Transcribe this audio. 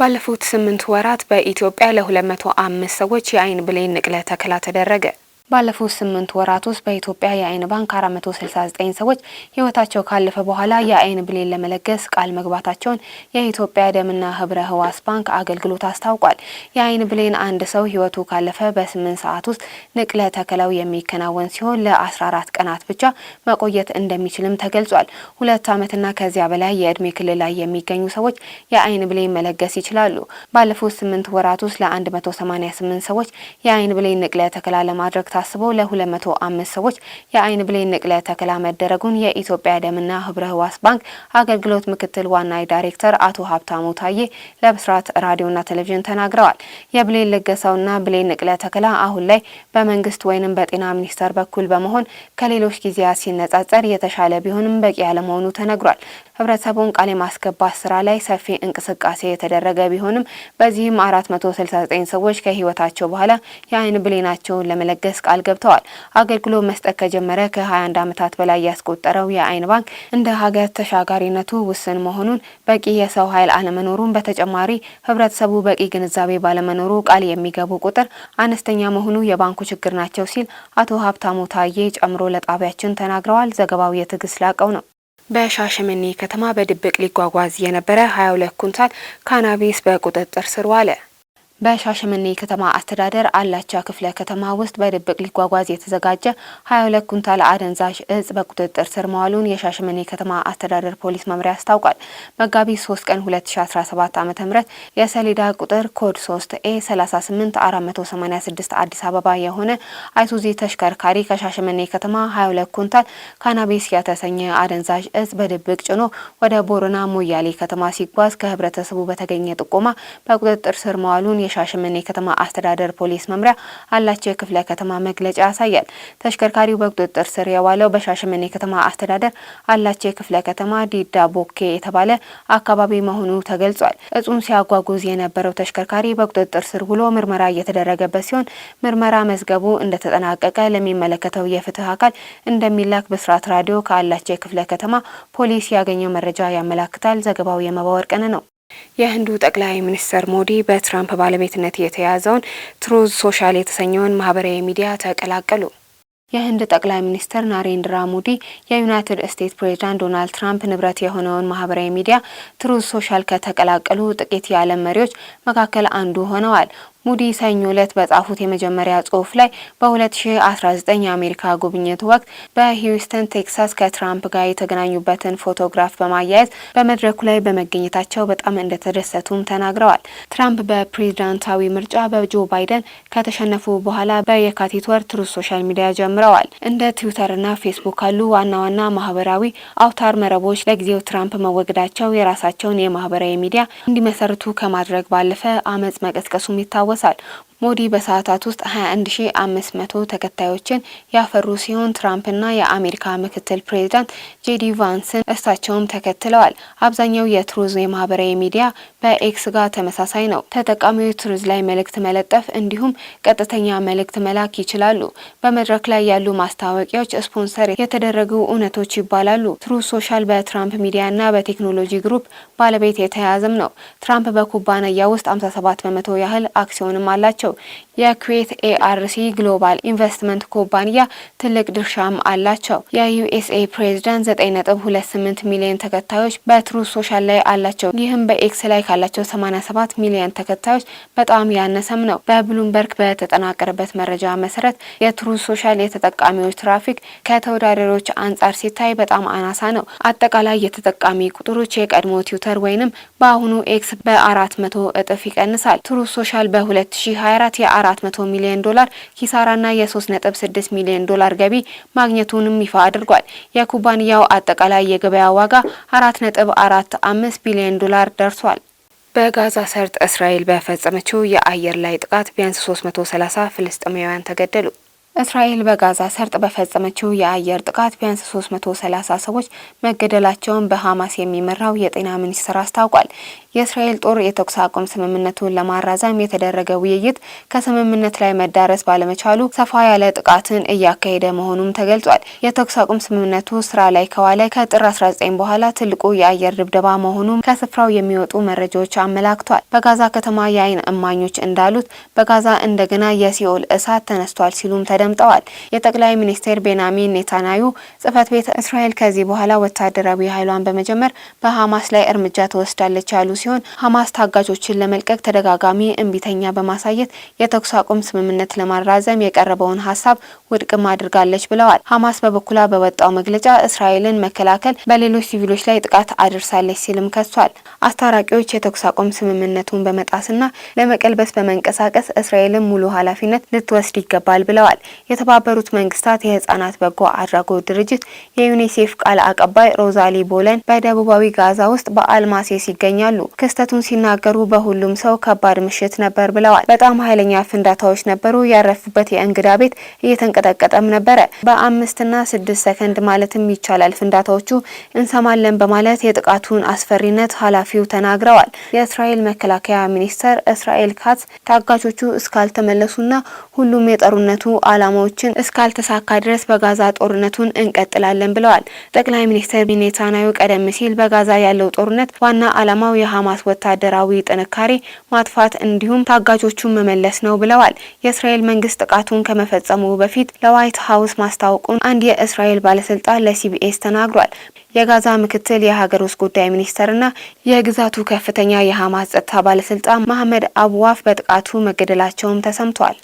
ባለፉት ስምንት ወራት በኢትዮጵያ ለ205 ሰዎች የአይን ብሌን ንቅለ ተከላ ተደረገ። ባለፉት ስምንት ወራት ውስጥ በኢትዮጵያ የአይን ባንክ 469 ሰዎች ህይወታቸው ካለፈ በኋላ የአይን ብሌን ለመለገስ ቃል መግባታቸውን የኢትዮጵያ ደምና ህብረ ህዋስ ባንክ አገልግሎት አስታውቋል። የአይን ብሌን አንድ ሰው ህይወቱ ካለፈ በስምንት ሰዓት ውስጥ ንቅለ ተከላው የሚከናወን ሲሆን ለ14 ቀናት ብቻ መቆየት እንደሚችልም ተገልጿል። ሁለት ዓመትና ከዚያ በላይ የእድሜ ክልል ላይ የሚገኙ ሰዎች የአይን ብሌን መለገስ ይችላሉ። ባለፉት ስምንት ወራት ውስጥ ለ188 ሰዎች የአይን ብሌን ንቅለ ተከላ ለማድረግ ታስቦ ለ205 ሰዎች የአይን ብሌን ንቅለ ተከላ መደረጉን የኢትዮጵያ ደምና ህብረ ህዋስ ባንክ አገልግሎት ምክትል ዋና ዳይሬክተር አቶ ሀብታሙ ታዬ ለብስራት ራዲዮና ቴሌቪዥን ተናግረዋል። የብሌን ልገሳውና ብሌን ንቅለ ተከላ አሁን ላይ በመንግስት ወይንም በጤና ሚኒስቴር በኩል በመሆን ከሌሎች ጊዜያት ሲነጻጸር የተሻለ ቢሆንም በቂ ያለመሆኑ ተነግሯል። ህብረተሰቡን ቃል የማስገባት ስራ ላይ ሰፊ እንቅስቃሴ የተደረገ ቢሆንም በዚህም 469 ሰዎች ከህይወታቸው በኋላ የአይን ብሌናቸውን ለመለገስ ቃል ገብተዋል። አገልግሎት መስጠት ከጀመረ ከ21 ዓመታት በላይ ያስቆጠረው የአይን ባንክ እንደ ሀገር ተሻጋሪነቱ ውስን መሆኑን፣ በቂ የሰው ኃይል አለመኖሩን፣ በተጨማሪ ህብረተሰቡ በቂ ግንዛቤ ባለመኖሩ ቃል የሚገቡ ቁጥር አነስተኛ መሆኑ የባንኩ ችግር ናቸው ሲል አቶ ሀብታሙ ታዬ ጨምሮ ለጣቢያችን ተናግረዋል። ዘገባው የትዕግስት ላቀው ነው። በሻሸመኔ ከተማ በድብቅ ሊጓጓዝ የነበረ 22 ኩንታል ካናቢስ በቁጥጥር ስር ዋለ። በሻሸመኔ ከተማ አስተዳደር አላቻ ክፍለ ከተማ ውስጥ በድብቅ ሊጓጓዝ የተዘጋጀ 22 ኩንታል አደንዛዥ እጽ በቁጥጥር ስር መዋሉን የሻሸመኔ ከተማ አስተዳደር ፖሊስ መምሪያ አስታውቋል። መጋቢት 3 ቀን 2017 ዓ.ም የሰሌዳ ቁጥር ኮድ 3 ኤ 38 486 አዲስ አበባ የሆነ አይሱዚ ተሽከርካሪ ከሻሸመኔ ከተማ 22 ኩንታል ካናቢስ የተሰኘ አደንዛዥ እጽ በድብቅ ጭኖ ወደ ቦረና ሞያሌ ከተማ ሲጓዝ ከህብረተሰቡ በተገኘ ጥቆማ በቁጥጥር ስር መዋሉን የሻሸመኔ ከተማ አስተዳደር ፖሊስ መምሪያ አላቸው የክፍለ ከተማ መግለጫ ያሳያል። ተሽከርካሪው በቁጥጥር ስር የዋለው በሻሸመኔ ከተማ አስተዳደር አላቸው የክፍለ ከተማ ዲዳ ቦኬ የተባለ አካባቢ መሆኑ ተገልጿል። እጹን ሲያጓጉዝ የነበረው ተሽከርካሪ በቁጥጥር ስር ውሎ ምርመራ እየተደረገበት ሲሆን ምርመራ መዝገቡ እንደተጠናቀቀ ለሚመለከተው የፍትህ አካል እንደሚላክ ብስራት ራዲዮ ከአላቸው የክፍለ ከተማ ፖሊስ ያገኘው መረጃ ያመላክታል። ዘገባው የመባ ነው። የህንዱ ጠቅላይ ሚኒስትር ሞዲ በትራምፕ ባለቤትነት የተያዘውን ትሩዝ ሶሻል የተሰኘውን ማህበራዊ ሚዲያ ተቀላቀሉ። የህንድ ጠቅላይ ሚኒስትር ናሬንድራ ሞዲ የዩናይትድ ስቴትስ ፕሬዚዳንት ዶናልድ ትራምፕ ንብረት የሆነውን ማህበራዊ ሚዲያ ትሩዝ ሶሻል ከተቀላቀሉ ጥቂት የዓለም መሪዎች መካከል አንዱ ሆነዋል። ሙዲ ሰኞ ዕለት በጻፉት የመጀመሪያ ጽሁፍ ላይ በ2019 የአሜሪካ ጉብኝት ወቅት በሂውስተን ቴክሳስ ከትራምፕ ጋር የተገናኙበትን ፎቶግራፍ በማያያዝ በመድረኩ ላይ በመገኘታቸው በጣም እንደተደሰቱም ተናግረዋል። ትራምፕ በፕሬዝዳንታዊ ምርጫ በጆ ባይደን ከተሸነፉ በኋላ በየካቲት ወር ትሩዝ ሶሻል ሚዲያ ጀምረዋል። እንደ ትዊተርና ፌስቡክ ካሉ ዋና ዋና ማህበራዊ አውታር መረቦች ለጊዜው ትራምፕ መወገዳቸው የራሳቸውን የማህበራዊ ሚዲያ እንዲመሰርቱ ከማድረግ ባለፈ አመጽ መቀስቀሱም ይታወ ይታወሳል። ሞዲ በሰዓታት ውስጥ 21500 ተከታዮችን ያፈሩ ሲሆን ትራምፕና የአሜሪካ ምክትል ፕሬዚዳንት ጄዲ ቫንስን እሳቸውም ተከትለዋል። አብዛኛው የትሩዝ የማህበራዊ ሚዲያ በኤክስ ጋር ተመሳሳይ ነው። ተጠቃሚዎች ትሩዝ ላይ መልእክት መለጠፍ እንዲሁም ቀጥተኛ መልእክት መላክ ይችላሉ። በመድረክ ላይ ያሉ ማስታወቂያዎች ስፖንሰር የተደረጉ እውነቶች ይባላሉ። ትሩዝ ሶሻል በትራምፕ ሚዲያና በቴክኖሎጂ ግሩፕ ባለቤት የተያያዘም ነው። ትራምፕ በኩባንያ ውስጥ 57 በመቶ ያህል አክሲዮ አክሲዮንም አላቸው። የኩዌት ኤአርሲ ግሎባል ኢንቨስትመንት ኩባንያ ትልቅ ድርሻም አላቸው። የዩኤስኤ ፕሬዚዳንት ዘጠኝ ነጥብ ሁለት ስምንት ሚሊዮን ተከታዮች በትሩዝ ሶሻል ላይ አላቸው። ይህም በኤክስ ላይ ካላቸው ሰማኒያ ሰባት ሚሊዮን ተከታዮች በጣም ያነሰም ነው። በብሉምበርግ በተጠናቀረበት መረጃ መሰረት የትሩዝ ሶሻል የተጠቃሚዎች ትራፊክ ከተወዳዳሪዎች አንጻር ሲታይ በጣም አናሳ ነው። አጠቃላይ የተጠቃሚ ቁጥሮች የቀድሞ ትዊተር ወይንም በአሁኑ ኤክስ በአራት መቶ እጥፍ ይቀንሳል። ትሩ ሶሻል በ የ400 ሚሊዮን ዶላር ኪሳራና የ3.6 ሚሊዮን ዶላር ገቢ ማግኘቱንም ይፋ አድርጓል። የኩባንያው አጠቃላይ የገበያ ዋጋ 4.45 ቢሊዮን ዶላር ደርሷል። በጋዛ ሰርጥ እስራኤል በፈጸመችው የአየር ላይ ጥቃት ቢያንስ 330 ፍልስጤማውያን ተገደሉ። እስራኤል በጋዛ ሰርጥ በፈጸመችው የአየር ጥቃት ቢያንስ 330 ሰዎች መገደላቸውን በሐማስ የሚመራው የጤና ሚኒስቴር አስታውቋል። የእስራኤል ጦር የተኩስ አቁም ስምምነቱን ለማራዘም የተደረገ ውይይት ከስምምነት ላይ መዳረስ ባለመቻሉ ሰፋ ያለ ጥቃትን እያካሄደ መሆኑም ተገልጿል። የተኩስ አቁም ስምምነቱ ስራ ላይ ከዋለ ከጥር 19 በኋላ ትልቁ የአየር ድብደባ መሆኑም ከስፍራው የሚወጡ መረጃዎች አመላክቷል። በጋዛ ከተማ የአይን እማኞች እንዳሉት በጋዛ እንደገና የሲኦል እሳት ተነስቷል ሲሉም ተደ ተደምጠዋል። የጠቅላይ ሚኒስትር ቤንያሚን ኔታንያሁ ጽህፈት ቤት እስራኤል ከዚህ በኋላ ወታደራዊ ኃይሏን በመጀመር በሐማስ ላይ እርምጃ ትወስዳለች ያሉ ሲሆን ሐማስ ታጋቾችን ለመልቀቅ ተደጋጋሚ እምቢተኛ በማሳየት የተኩስ አቁም ስምምነት ለማራዘም የቀረበውን ሀሳብ ውድቅም አድርጋለች ብለዋል። ሀማስ በበኩሏ በወጣው መግለጫ እስራኤልን መከላከል በሌሎች ሲቪሎች ላይ ጥቃት አድርሳለች ሲልም ከሷል። አስታራቂዎች የተኩስ አቁም ስምምነቱን በመጣስና ለመቀልበስ በመንቀሳቀስ እስራኤልን ሙሉ ኃላፊነት ልትወስድ ይገባል ብለዋል። የተባበሩት መንግስታት የህጻናት በጎ አድራጎት ድርጅት የዩኒሴፍ ቃል አቀባይ ሮዛሊ ቦለን በደቡባዊ ጋዛ ውስጥ በአልማሴስ ይገኛሉ። ክስተቱን ሲናገሩ በሁሉም ሰው ከባድ ምሽት ነበር ብለዋል። በጣም ኃይለኛ ፍንዳታዎች ነበሩ። ያረፉበት የእንግዳ ቤት እየተንቀጠቀጠም ነበረ። በአምስትና ስድስት ሰከንድ ማለትም ይቻላል ፍንዳታዎቹ እንሰማለን በማለት የጥቃቱን አስፈሪነት ኃላፊው ተናግረዋል። የእስራኤል መከላከያ ሚኒስተር እስራኤል ካትስ ታጋቾቹ እስካልተመለሱና ሁሉም የጠሩነቱ አላ ዓላማዎችን እስካልተሳካ ድረስ በጋዛ ጦርነቱን እንቀጥላለን ብለዋል። ጠቅላይ ሚኒስትር ኔታንያሁ ቀደም ሲል በጋዛ ያለው ጦርነት ዋና ዓላማው የሐማስ ወታደራዊ ጥንካሬ ማጥፋት እንዲሁም ታጋቾቹን መመለስ ነው ብለዋል። የእስራኤል መንግስት ጥቃቱን ከመፈጸሙ በፊት ለዋይት ሀውስ ማስታወቁን አንድ የእስራኤል ባለስልጣን ለሲቢኤስ ተናግሯል። የጋዛ ምክትል የሀገር ውስጥ ጉዳይ ሚኒስተርና የግዛቱ ከፍተኛ የሐማስ ጸጥታ ባለስልጣን መሐመድ አቡዋፍ በጥቃቱ መገደላቸውም ተሰምቷል።